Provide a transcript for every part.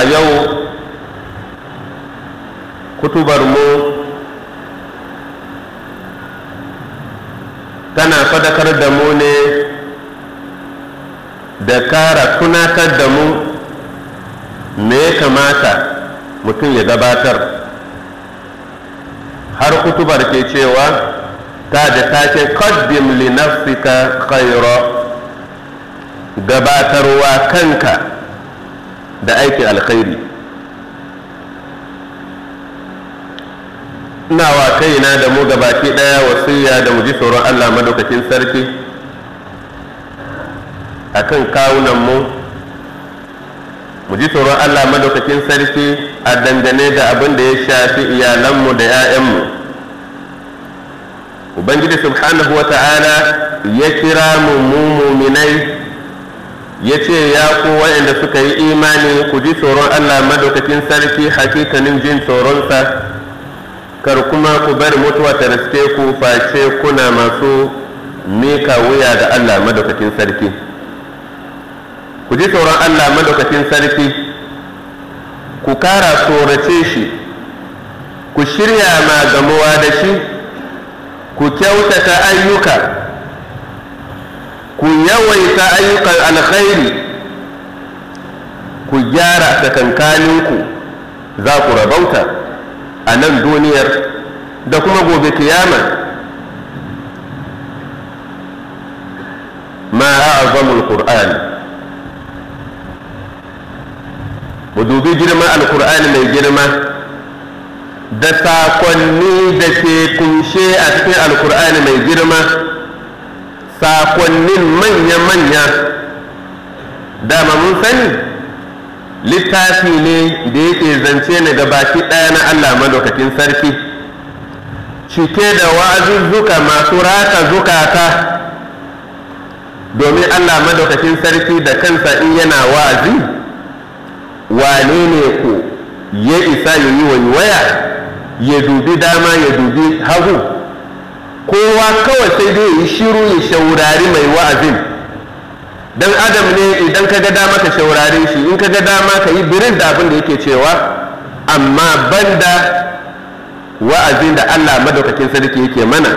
a yau kutubar mu tana fadakar da mu ne da kara tunatar da mu me ya kamata mutum ya gabatar har kutubar ke cewa ta da take qaddim li nafsika kairo gabatarwa kanka da aikin alkhairi ina wa kaina da mu gabaki daya wasiya da mu ji tsoron Allah madaukakin sarki akan kawunan mu mu ji tsoron Allah madaukakin sarki a dangane da abin da ya shafi iyalanmu da 'ya'yanmu ubangiji subhanahu wa ta'ala ya kira mu muminai ya ce ya ku waɗanda suka yi imani ku ji tsoron allah madaukakin sarki hakikanin jin tsoronsa kar kuma ku bari mutuwa ta riske ku face kuna masu mika wuya da allah madaukakin sarki ku ji tsoron allah madaukakin sarki ku kara tsorace shi ku shirya ma da shi ku kyautata ayyuka ku yawaita ayyukan alkhairi ku gyara kankaninku za ku rabauta a nan duniyar da kuma gobe kiyama ma azamul qur'ani mu dubi girma alkur'ani mai girma da sakonni da ke kunshe a cikin alkur'ani mai girma sakonnin manya-manya dama mun sani littafi ne da yake zance ne baki ɗaya na Allah lokacin sarki cike da wazuzzuka masu raka zukata domin Allah madaukakin sarki da kansa in yana wa'azi wane ne ku ya isa ya yi waya ya dubi dama ya dubi hagu kowa kawai sai dai yi shiru ya shaurari mai wa'azin dan adam ne idan ka ga dama ka shaurare shi in ka ga dama ka yi birin da abin da yake cewa amma banda wa'azin da Allah madaukakin sarki yake mana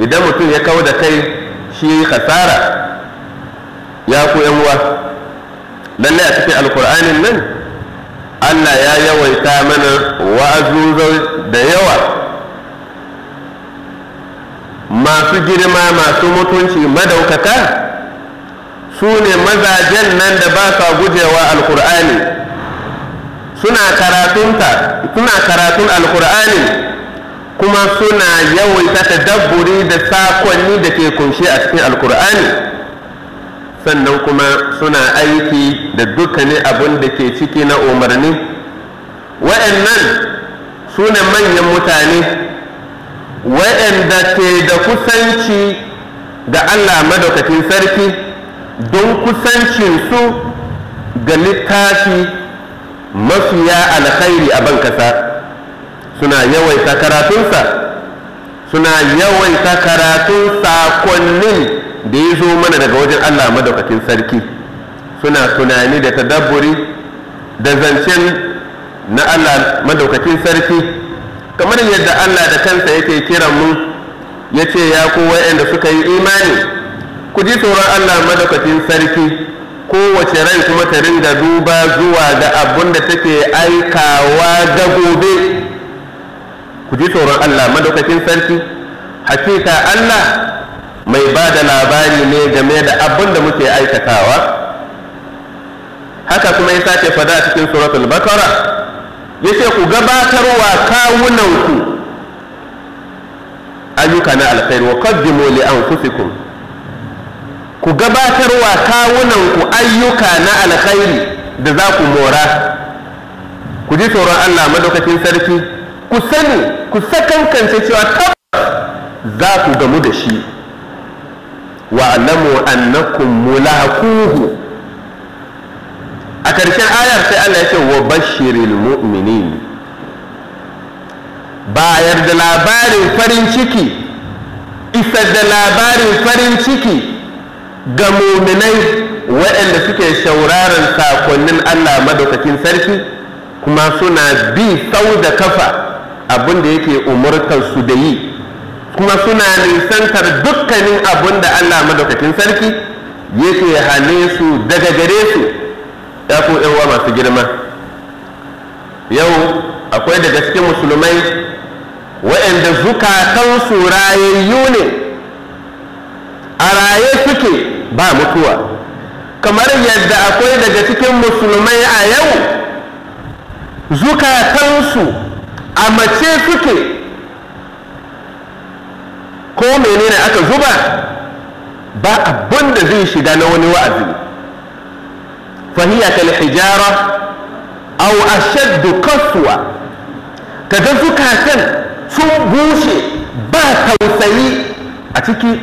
idan mutum ya kawo da kai shi khasara ya ku uwa a cikin alkur'anin nan Allah ya yawaita mana wa'azuzai da yawa masu girma masu mutunci madaukaka su ne mazajen nan da ba sa gujewa alkur'ani suna karatun alkur'ani kuma suna yawaita dabburi da sakonni da ke kunshi a cikin alkur'ani sannan kuma suna aiki da dukkanin abin da ke ciki na umarni waɗannan su ne manyan mutane waɗanda ke da kusanci ga Allah madaukakin sarki don kusancinsu ga littafi mafiya alkhairi a bankasa suna yawaita karatunsa suna yawaita karatun sakonnin da ya zo mana daga wajen Allah madaukakin sarki suna tunani da tadabburi da zancen na Allah madaukakin sarki kamar yadda Allah da kansa yake kiran mu ya ce ya ku waɗanda suka yi imani ku ji tsoron Allah madaukakin sarki kowace rai kuma ta ringa duba zuwa ga abun da take aikawa da gobe ku ji tsoron Allah madaukakin sarki hakika Allah mai ba da labari ne game da abun da muke aikatawa haka kuma ya sake fada cikin suratul bakara Ya ce ku gabatarwa kawunanku ayyuka na alkhairi wa qaddimu li anfusikum ku gabatarwa kawunanku ayyuka na alkhairi da za ku mora ku ji tsoron Allah madaukakin sarki ku sani ku sakankance cewa tabbas za ku gamu da shi wa annakum mulakuhu a ƙarshen ayar sai Allah ya ce wa bashirin mu'minin bayar da labarin farin ciki isar da labarin farin ciki ga muminai waɗanda suke shauraron sakonnin Allah madaukakin sarki kuma suna bi sau da kafa abin da yake umurtar su da yi kuma suna nisantar dukkanin abin da Allah madaukakin sarki yake hane su daga gare su ya ku uwa masu girma yau akwai daga cikin musulmai waɗanda zukatansu rayayyu ne a raye suke ba mutuwa kamar yadda akwai daga cikin musulmai a yau zukatansu a mace suke ko menene aka zuba ba abin da zai shiga na wani wa'azi فهي كالحجارة أو أشد قسوة كذلك هكذا sun bushe ba tausayi a ciki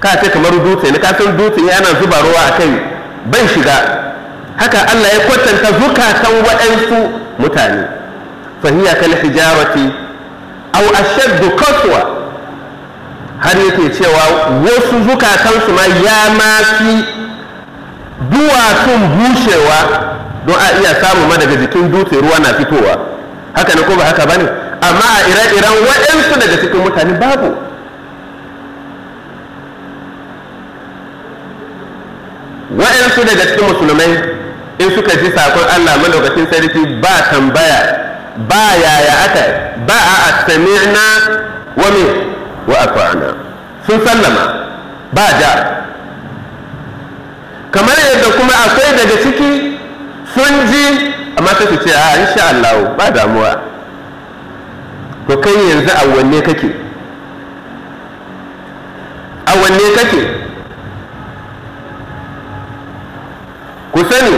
ka ce kamar dutse ne ka dutse yana zuba ruwa a kai bai shiga haka Allah ya kwatanta zukatan waɗansu mutane fahiya kal hijarati aw ashaddu qaswa har yake cewa wasu zukatansu ma ya ma duwatsun bushewa don a iya samu ma daga jikin dutse ruwa na fitowa haka ne ko ba haka bane amma a ire-iren waɗansu daga cikin mutane babu waɗansu daga cikin musulmai in suka ji sakon Allah malaukacin sarki ba tambaya ba yaya aka ba a sami'na wa me wa sun sallama ba ja kamar yadda kuma akwai daga ciki sun ji amma ta ce a ah, insha Allah ba damuwa to kai yanzu a wanne kake a wanne kake ku sani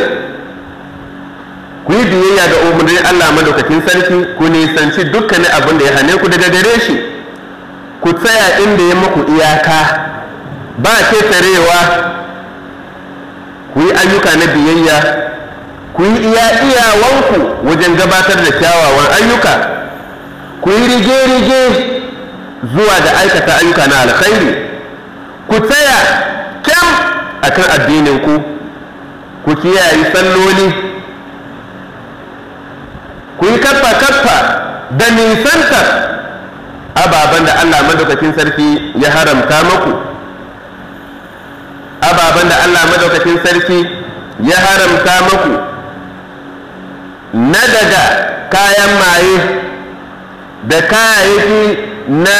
ku yi biyayya ga umarnin Allah madaukakin sarki ku nisanci dukkanin abin da ya hane ku daga gare shi ku tsaya inda ya muku iyaka ba ke tsarewa ku yi ayyuka na biyayya ku yi iya iyawanku wajen gabatar da kyawawan ayyuka ku yi rige-rige zuwa da aikata ayyuka na alkhairi ku tsaya kyau a kan addininku ku kiyaye salloli ku yi kafa kaffa da nisantar ababen da allah madaukakin sarki ya haramta maku ababen da Allah madaukakin sarki ya haramta muku na daga kayan maye da kayayyaki na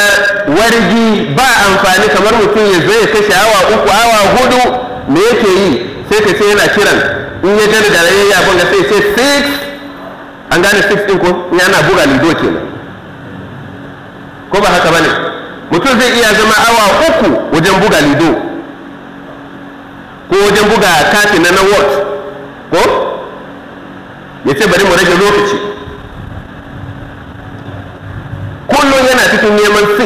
wargi ba amfani kamar mutum ya zo ya kashe awa uku awa hudu me yake yi sai ka ce yana kiran in ya gani da rayayi abin da sai sai six an gane six din ko yana buga lido nan ko ba haka bane mutum zai iya zama awa uku wajen buga lido ko wajen buga kati na na ko ya ce bari mu rage lokaci kullum yana cikin neman 6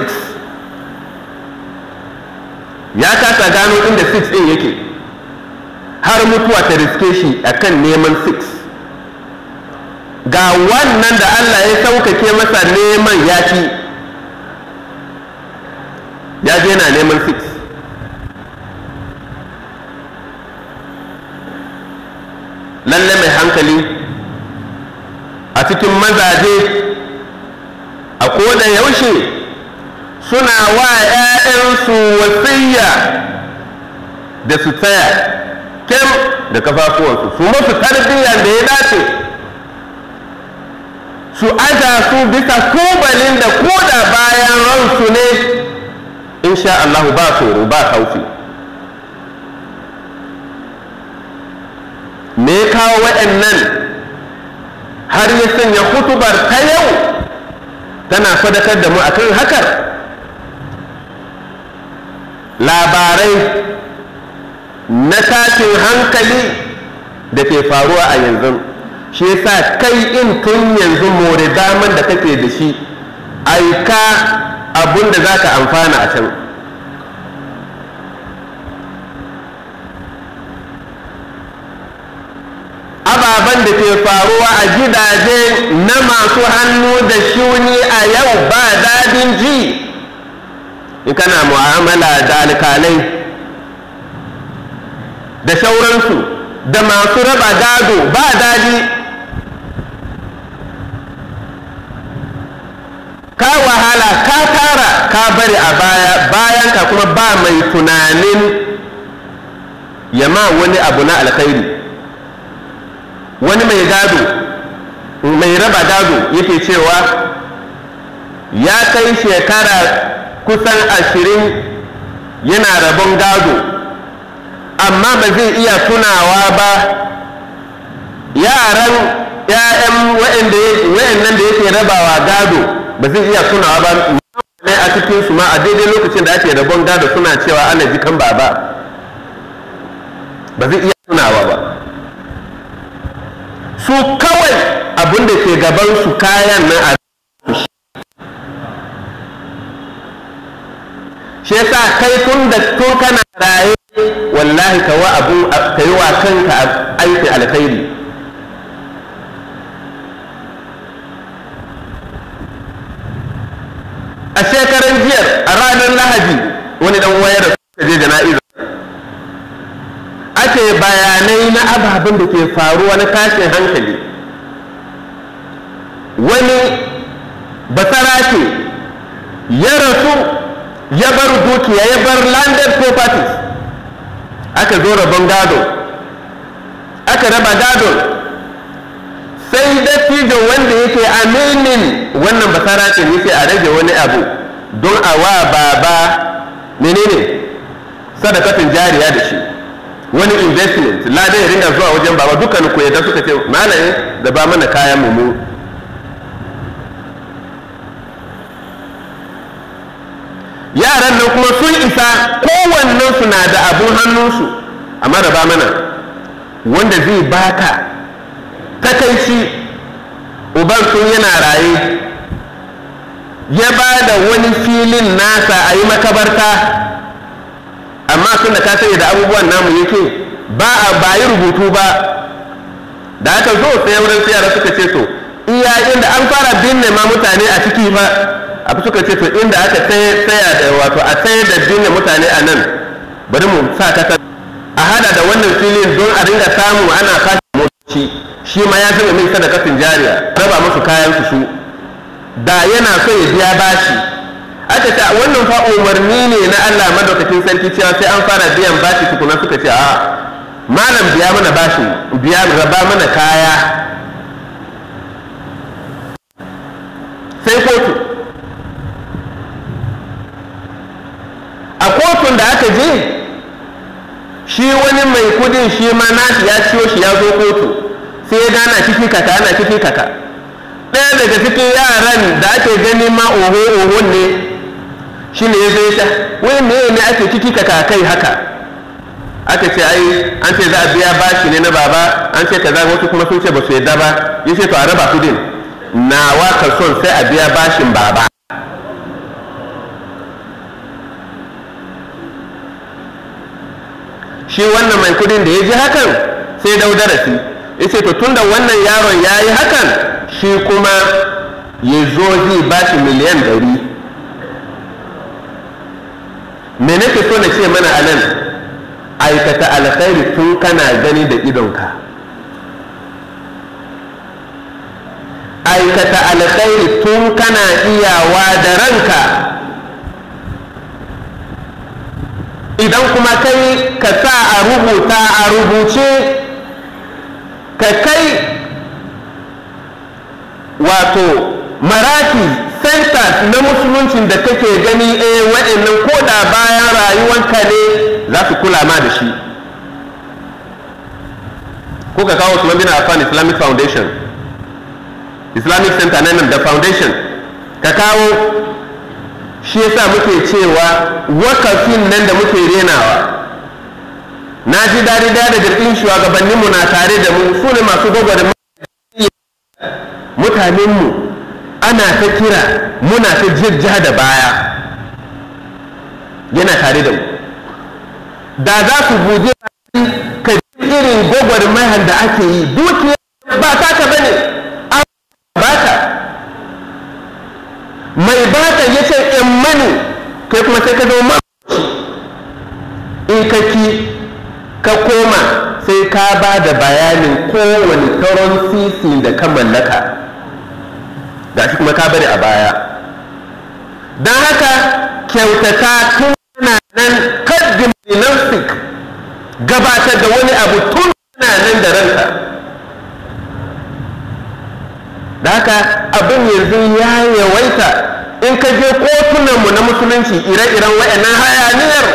ya kasa gano inda 6 ɗin yake har mutuwa ta riske shi a kan neman 6 ga wannan da Allah ya saukake masa neman ya ci ya je na neman lalle mai hankali a cikin mazaje a koda yaushe suna wa 'ya'yansu wasiyya da su tsaya kem da kafafuwansu su musu tarbiyyar da ya dace su aja su bisa kubalin da koda bayan ransu ne sha Allah ba tsoro ba haufi me ya kawo waɗannan har ya sanya hutubar ta yau tana sadakar da mu akan hakar labarai na tashin hankali da ke faruwa a yanzu shi yasa kai in tun yanzu more daman da kake da shi aika abin da za ka amfana a can ababen da ke faruwa a gidaje na masu hannu da shuni a yau ba daɗin ji in kana mu'amala da alkalai da sauransu da masu raba gado ba daɗi. ka wahala ka tara ka bari a baya bayan ka kuma ba mai tunanin yamma wani abu na alkhairi wani mai gado mai raba gado yake cewa ya kai shekara kusan ashirin yana rabon gado amma ba zai iya tunawa ba yaran ‘ya'yan wa'annan da yake rabawa gado ba zai iya tunawa ba ne a cikin su ma a daidai lokacin da ake rabon gado suna cewa ana jikan baba ba zai iya tunawa ba su kawai abin da ke gaban su kayan nan a shi yasa kai tun da tun kana raye wallahi ka wa abu ka yi wa kanka aiki alkhairi a shekaran jiyar a ranar lahadi wani dan wayar da suka je jana'iza bayanai na ababen da ke faruwa na tashin hankali wani basara ce ya rasu ya bar dukiya ya bar landed properties aka zo rabon gado aka raba gado sai dattijo wanda yake aminin wannan basara ce yake a rage wani abu don a wa baba menene sadakatin jariya da shi wani investment lada ya ringa zuwa wajen baba dukkan ku yadda suka ce malaye da ba mana kayan mu yaran nan kuma sun isa kowannen su na da abun hannunsu amma da ba mana wanda zai baka takaici uban sun yana raye ya ba da wani filin nasa a yi makabarta amma sun da ka sani da abubuwan namu yake ba a bayi rubutu ba da aka zo sai wurin siyara suka ce to iya inda an fara binne ma mutane a ciki ba a suka ce to inda aka tsaya da wato a tsaya da binne mutane a nan bari mu sa ta a hada da wannan filin don a ringa samu ana kashe motoci shi ma ya fi mai sadakatin jariya raba musu kayan su da yana so ya biya bashi aka ce wannan fa umarni ne na Allah madaukakin sarki cewa sai an fara biyan bashi tukuna suka ce a malam biya mana bashi biya raba mana kaya sai kotu a kotun da aka je shi wani mai kudin shi ma nashi ya ciyo shi ya zo kotu sai ya gana ciki kaka ana ciki kaka ɗaya daga cikin yaran da ake gani ma oho oho ne shi ne ya zo wai me ne ake ciki ka kai haka aka ce ai an ce za a biya bashi ne na baba an ce kaza wasu kuma sun ce ba su yadda ba ya ce to a raba kudin na waka son sai a biya bashin baba shi wannan mai kudin da ya ji hakan sai dau darasi ya ce to tunda wannan yaron ya yi hakan shi kuma ya zo zai bashi miliyan ɗari me nake so na ce mana anan, nan aikata alkhairi tun kana gani da idonka aikata alkhairi tun kana iyawa da ranka idan kuma kai ka sa a rubuta a rubuce ka kai wato marafi centers na musuluncin da kake gani eh wa'annan ko da bayan rayuwanka ne za su kula ma da shi ko ka kawo Usman bin afan Islamic Foundation Islamic Center na da Foundation ka kawo shi yasa muke cewa wakafin nan da muke renawa na ji daɗi da jirgin shugabanninmu na tare da mu su ne masu gwagwarmaya mutanenmu ana ta kira muna ta jirja da baya yana tare da mu da za ku guje ka irin gwagwarmayar da ake yi dukiya ba ta ka bane ba ta mai bata ya ce in mani kai kuma sai ka zama in ka ki ka koma sai ka ba da bayanin kowane taron sisi da ka mallaka gashi kuma ka bari a baya don haka kyautata tun yana nan kaddin li gabatar da wani abu tun yana nan da ranta da haka abin yanzu ya yawaita in ka je kotunanmu na musulunci ire-iren wayannan hayaniyar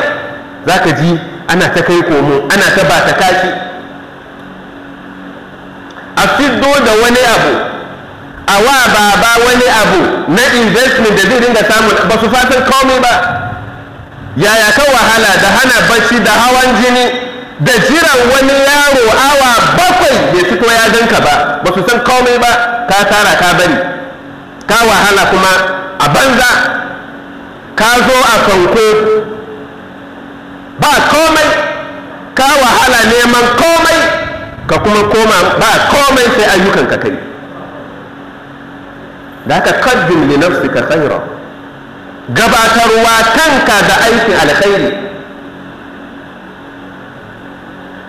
za ka ji ana ta kai komo ana ta ba ta kashi a fiddo da wani abu a wa ba ba wani abu na investment da zai dinga samu ba su fatan komai ba yaya kan wahala da hana bacci da hawan jini da jiran wani yaro awa bakwai bai fito ya ganka ba ba su san komai ba ka tara ka bari ka wahala kuma a banza ka zo a fanko ba komai ka wahala neman komai ka kuma koma ba komai sai ayyukan ka kai da haka qaddim li ka khayra gabatarwa kanka da aikin alkhairi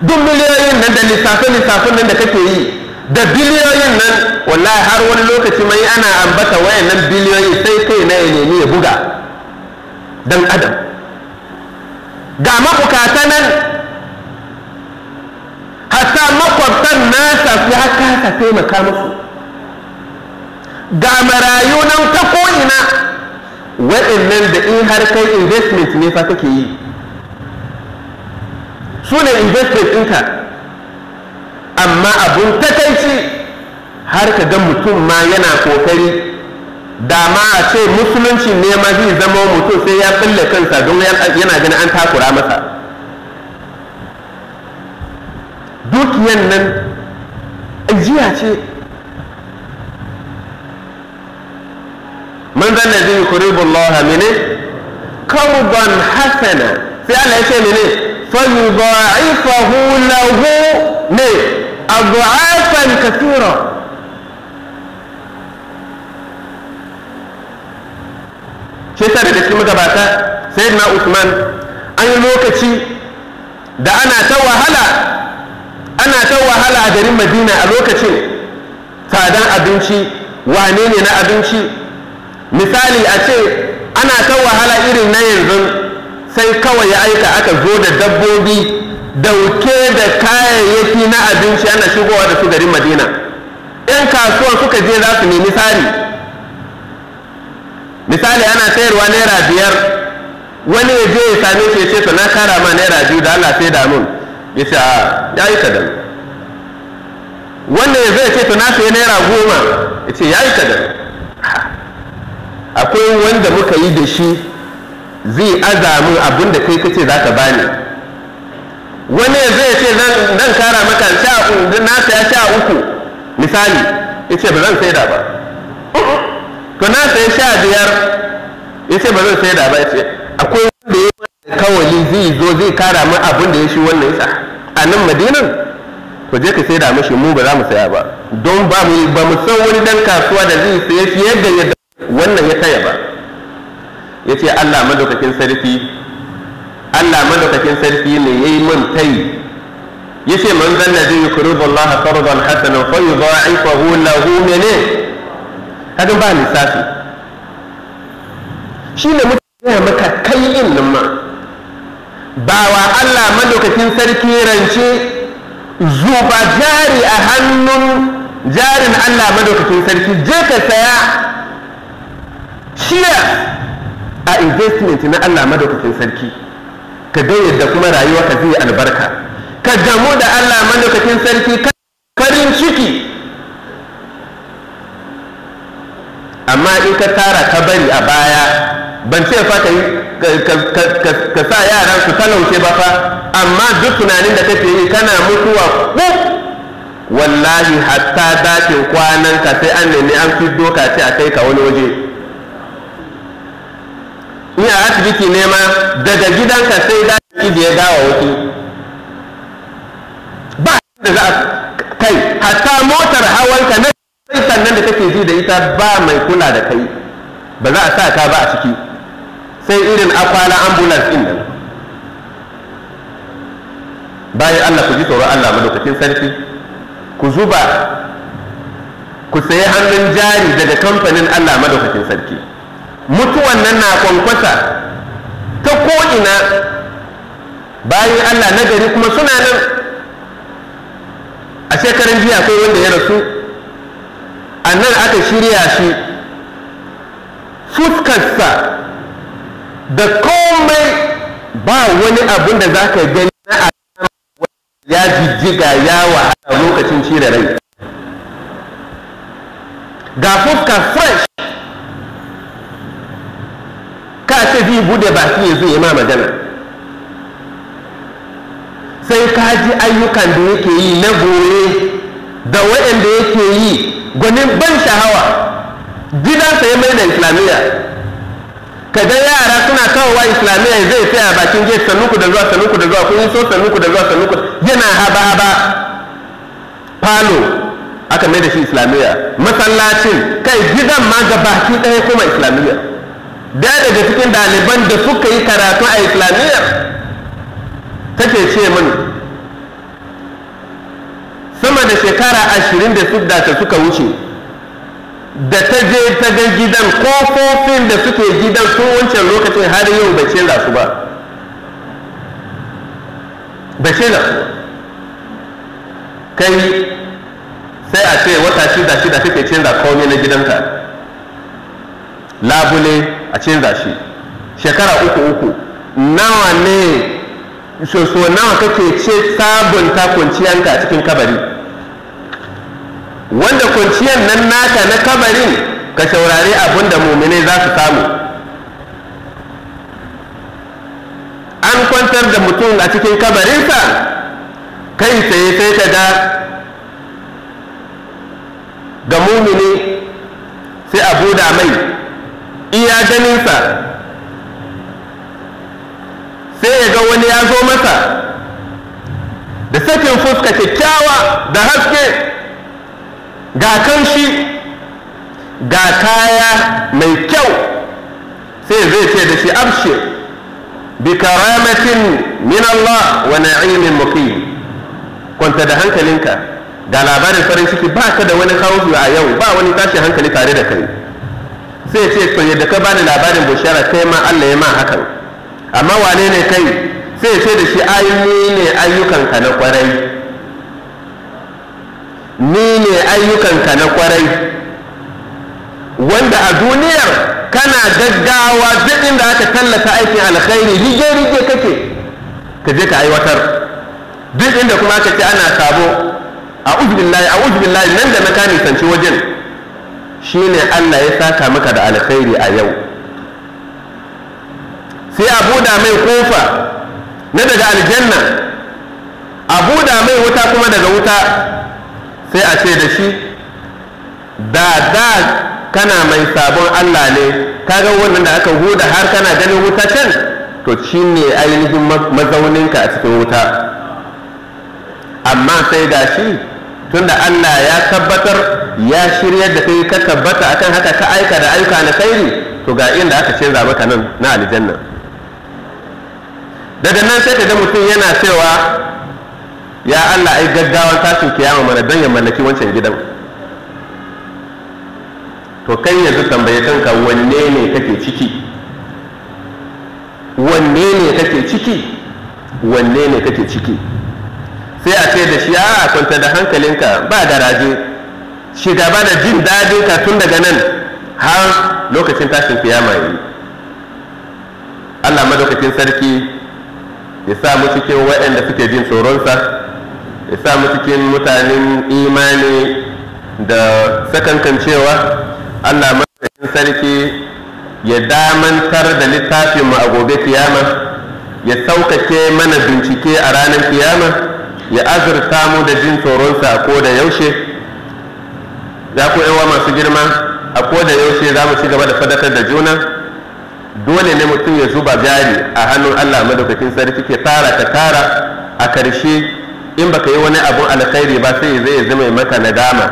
duk miliyoyin nan da lissafe lissafin nan da kake yi da biliyoyin nan wallahi har wani lokaci mai ana ambata wayan nan biliyoyi sai kai na ya nemi ya buga dan adam ga mabukata nan hatta makwabtan nasa su haka ta taimaka musu ga marayu nan ta ko'ina waɗannan da in har kai investment ne fa kake yi su ne investment ɗinka amma abun takaici har ka ga mutum ma yana kokari da ma a ce musulunci ne ma zai zama mutum sai ya tsalle kansa don yana gani an takura masa dukiyan nan ajiya ce من ذا الذي يقرب الله منه قربا حسنا في على شيء منه فيضاعفه له أضعافا كثيرة ne shi sa daga cikin magabata sayyidina Usman an yi lokaci da ana ta wahala ana ta wahala a garin Madina a lokacin tsadan abinci wane na abinci misali a ce ana kan wahala irin na yanzu sai kawai ya aika aka zo da dabbobi dauke da kayayyaki na abinci ana shigowa da su garin madina yan kasuwa suka je za su nemi tsari misali ana sayarwa naira biyar wani ya je ya same shi ya ce to na kara ma naira biyu da allah sai da ya ce a ya yi ka kadan wanda ya zai ce to na sayi naira goma ya ce ya yi ka kadan akwai wanda muka yi da shi zai azamin abin da kai kace za ka bani wani zai ce zan kara maka sha na saya sha uku misali ya ce ba zan da ba to na saya sha biyar ya ce ba zan da ba ya ce akwai wanda ya kawali zai zo zai kara min abin da ya shi wannan isa a nan madinan ku je ka sai da mashi mu ba za mu saya ba don ba mu ba mu san wani dan kasuwa da zai saya shi yadda yadda wannan ya taya ba ya ce allah madaukakin sarki allah madaukakin sarki ne ya yi mun tayi ya ce man zanna zai yi kuru Allah farban hasanan fayu ba a yi hula hume ne hadin ba lissafi shi ne mutane ya maka kai in nan ma bawa allah madaukakin sarki rance zuba jari a hannun jarin allah madaukakin sarki je ka saya Ciya a investment na Allah madaukakin sarki ka dai yadda kuma rayuwa ka zai albarka ka damu da Allah madaukakin sarki karin ciki amma in ka tara ka bari a baya ban ce fa ka ka sa yaran su talauce ba fa amma duk tunanin da kake yi kana mutuwa ko wallahi hatta dakin kwanan ka sai an nemi an fi doka ce a kai ka wani waje ni a asibiti ne ma daga gidanka sai da ya dawo wasu ba da za a kai hatta motar hawanka na sai sannan da kake ji da ita ba mai kula da kai ba za a sa ka ba a ciki sai irin akwana ambulance din nan bayan Allah ku ji tsoron Allah lokacin sarki ku zuba ku sayi hannun jari daga kamfanin Allah madaukakin sarki mutuwan nan na kwankwasa ta ko'ina bayan allah na gari kuma suna nan a shekaran jiya akwai wanda ya rasu a nan aka shirya shi fuskarsa da komai ba wani abin da za ka gani na ya jijjiga ya a lokacin cire rai ga fuska fresh zai bude baki ya ya ma magana sai ka ji ayyukan da yake yi na gore da waɗanda yake yi gwanin ban sha'awa gidansa ya mai da islamiyya kaga yara suna kawowa islamiyya zai tsaya bakin gate sanuku da zuwa sanuku da zuwa kun so sanuku da zuwa sanuku yana haba haba falo aka mai da shi islamiyya masallacin kai gidan ma ga baki ɗaya kuma islamiyya daya daga cikin ɗaliban da suka yi karatu a islamiyyar take ce min sama da shekara ashirin da su da suka wuce da ta je ta ga gidan kofofin da suke gidan sun wancan lokacin har yau ba ce su ba ba ce su kai sai a ce wata shida shida ce canza komai na gidanta labule a canza shi shekara uku uku nawa ne so nawa kake ce sabunta kwanciyanka a cikin kabari wanda kwanciyar nan naka na kabarin ka saurari abin da mumine za su samu an kwantar da mutum a cikin kabarinsa kai tsaye sai ka ga ga mumini sai a buda mai iya ganinsa sai ya ga wani ya zo masa da sakin fuska kyakkyawa da haske ga kanshi ga kaya mai kyau sai zai ce da shi abshe bi karamatin min Allah wa na'imin muqim kwanta da hankalinka ga labarin farin ciki ba da wani kawo a yau ba wani tashi hankali tare da kai sai ce to yadda ka bani labarin bushara kai ma Allah ya ma hakan amma wane ne kai sai ce da shi ai ni ne ayyukanka na kwarai ni ne ayyukanka na kwarai wanda a duniyar kana gaggawa duk inda aka tallata aikin alkhairi rige rige kake ka je ka aiwatar duk inda kuma aka ce ana sabo a billahi a nan da na ka sanci wajen shine Allah ya saka maka da alkhairi a yau sai a buɗa mai kofa na daga aljanna a buɗa mai wuta kuma daga wuta sai a ce da shi da da kana mai sabon Allah ne kaga wannan da aka huda har kana ganin wuta can to shi ne ainihin mazauninka a cikin wuta amma sai da shi tunda Allah ya tabbatar ya shirya da kai ka tabbata akan haka ka aika da aika na ne, to ga inda aka canza maka nan na aljanna daga nan sai da mutum yana cewa ya Allah ai ta tashin kiyama mana don ya mallaki wancan gidan to kai yanzu tambaye kanka wanne ne kake ciki wanne ne kake ciki wanne ne kake ciki ce da shi a kwanta da hankalinka ba da raje shi gaba da jin dadin ka daga nan har lokacin tashin kiyama yi Allah madaukakin sarki ya sa mu cikin waɗanda suke jin tsoronsa ya sa mu mutanen imani da sakankancewa Allah madaukakin sarki ya damantar da littafinmu a gobe kiyama ya sauƙaƙe mana bincike a ranar kiyama ya azurta mu da jin tsoronsa a koda yaushe za ku yawa masu girma a koda yaushe za mu ci gaba da sadakar da juna dole ne mutum ya zuba jari a hannun allah madaukakin sarki ke tara ta tara a karshe in baka yi wani abun alkhairi ba sai zai zama maka nadama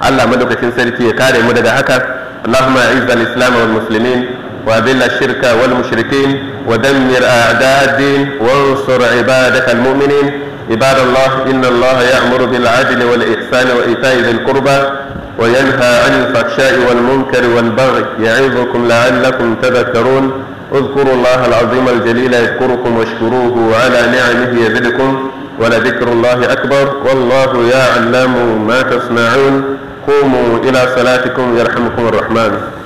allah madaukakin sarki ya kare mu daga haka اللهم اعز الاسلام والمسلمين واذل الشرك والمشركين ودمر اعداء الدين وانصر عبادك المؤمنين عباد الله إن الله يأمر بالعدل والإحسان وإيتاء ذي القربى وينهى عن الفحشاء والمنكر والبغي يعظكم لعلكم تذكرون اذكروا الله العظيم الجليل يذكركم واشكروه على نعمه يزدكم ولذكر الله أكبر والله يعلم ما تصنعون قوموا إلى صلاتكم يرحمكم الرحمن